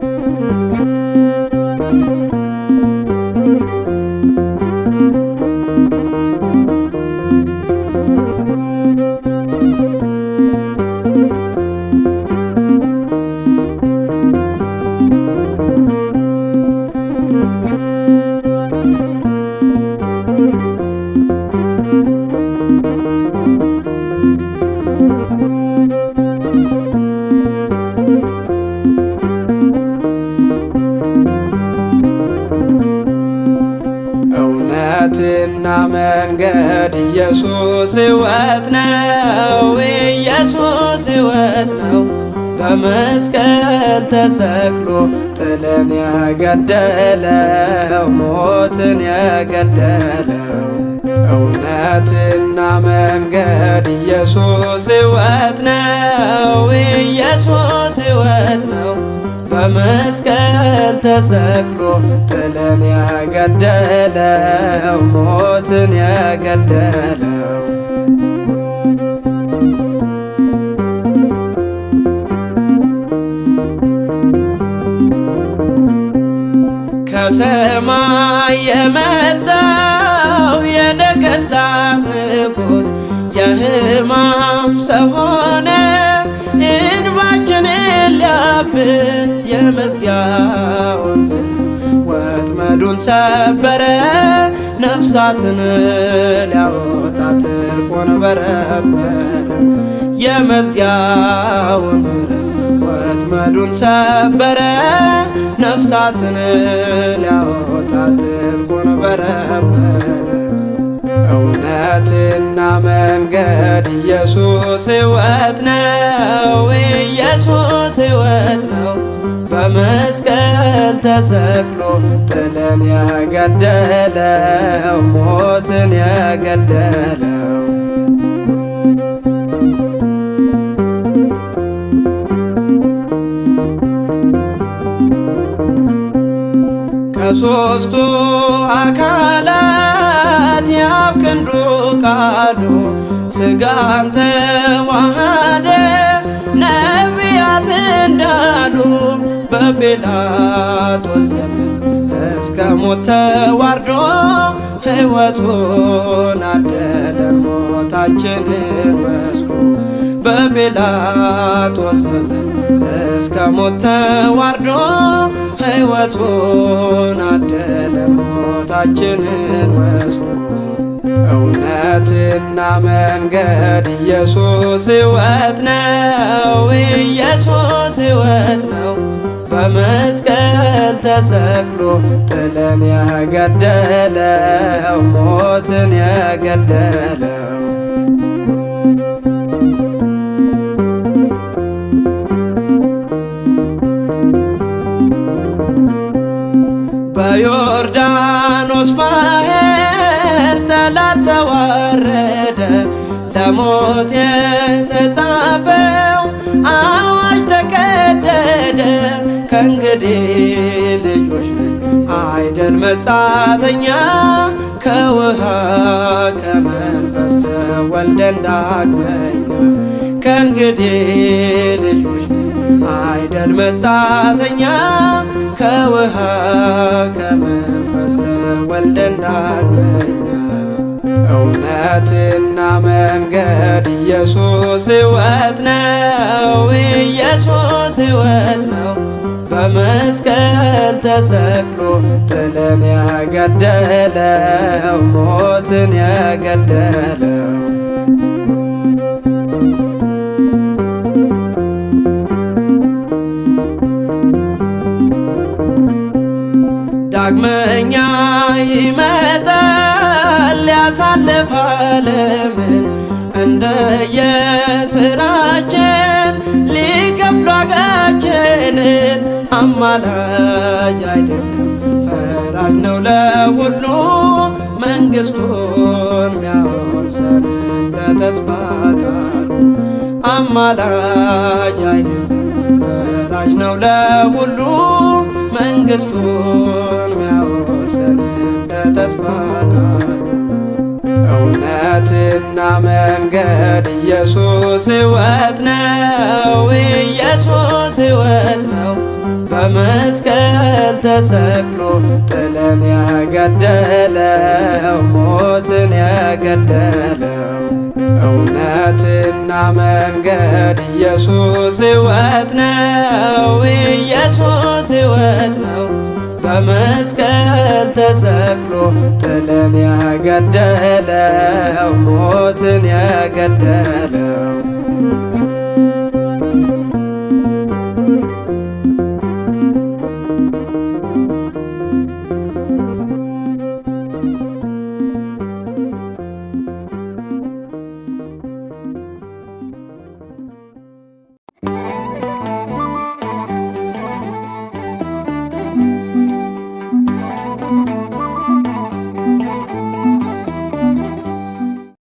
Thank you. እውነትና መንገድ ኢየሱስ ሕይወት ነው። ኢየሱስ ሕይወት ነው። በመስቀል ተሰቅሎ ጥልን ያገደለው ሞትን ያገደለው እውነትና መንገድ ኢየሱስ ሕይወት ነው። ኢየሱስ ሕይወት ነው። በመስቀል ተሰቅሎ ጥልን ያገደለው ሞትን ያገደለው ከሰማይ የመጣው የነገስታት ንጉሥ የህማም ሰው ሆነ እንባችንን ሊያብስ የመዝጊያውን ወጥመዱን ሰበረ ነፍሳትን ሊያወጣ ጥልቁን በረበረ የመዝጊያውን ወጥመዱን ሰበረ ነፍሳትን ሊያወጣ ጥልቁን በረበረ እውነትና መንገድ ኢየሱስ ሕይወት ነው። ኢየሱስ ሕይወት ነው። በመስቀል ተሰቅሎ ጥልን ያገደለው ሞትን ያገደለው ከሶስቱ አካላት የአብ ክንዱ ቃሉ ስጋን ተዋሃደ ነቢያት እንዳሉ በጲላጦስ ዘመን እስከ ሞት ተዋርዶ ሕይወቱን አደለን ሞታችንን ወስዶ በጲላጦስ ዘመን እስከ ሞት ተዋርዶ ሕይወቱን አደለን ሞታችንን ወስዶ እውነትና መንገድ ኢየሱስ ሕይወት ነው ኢየሱስ ሕይወት ነው በመስቀል ተሰቅሎ ጥልን ያገደለው ሞትን ያገደለው በዮርዳኖስ ባሕር ጠላት ተዋረደ ለሞት የተጻፈው አዋጅ ተቀደደ። ከእንግዲህ ልጆች ነን አይደል መጻተኛ ከውሃ ከመንፈስ ተወልደን ዳግመኛ ከእንግዲህ ልጆች ነን አይደል መጻተኛ ከውሃ ከመንፈስ ተወልደን ዳግመኛ እውነትና መንገድ ኢየሱስ ሕይወት ነው። ኢየሱስ ሕይወት ነው። በመስቀል ተሰቅሎ ጥልን ያገደለው ሞትን ያገደለው ዳግመኛ ይመጣል ያሳልፍ ዓለምን እንደየስራችን ሊከፍል ዋጋችንን አማላጅ አይደለም ፈራጅ ነው ለሁሉ መንግስቱን ሚያወርሰን እንደ ተስፋ ቃሉ አማላጅ አይደለም ፈራጅ ነው ለሁሉ መንግሥቱን ሚያወርሰን እንደ ተስፋ ቃሉ እውነትና መንገድ ኢየሱስ ሕይወት ነው ኢየሱስ ሕይወት ነው በመስቀል ተሰቅሎ ጥለን ያገደለው ሞትን ያገደለው እውነትና መንገድ ኢየሱስ ሕይወት ነው ኢየሱስ ሕይወት ነው በመስቀል ተሰቅሎ ጥልን ያገደለው ሞትን ያገደለው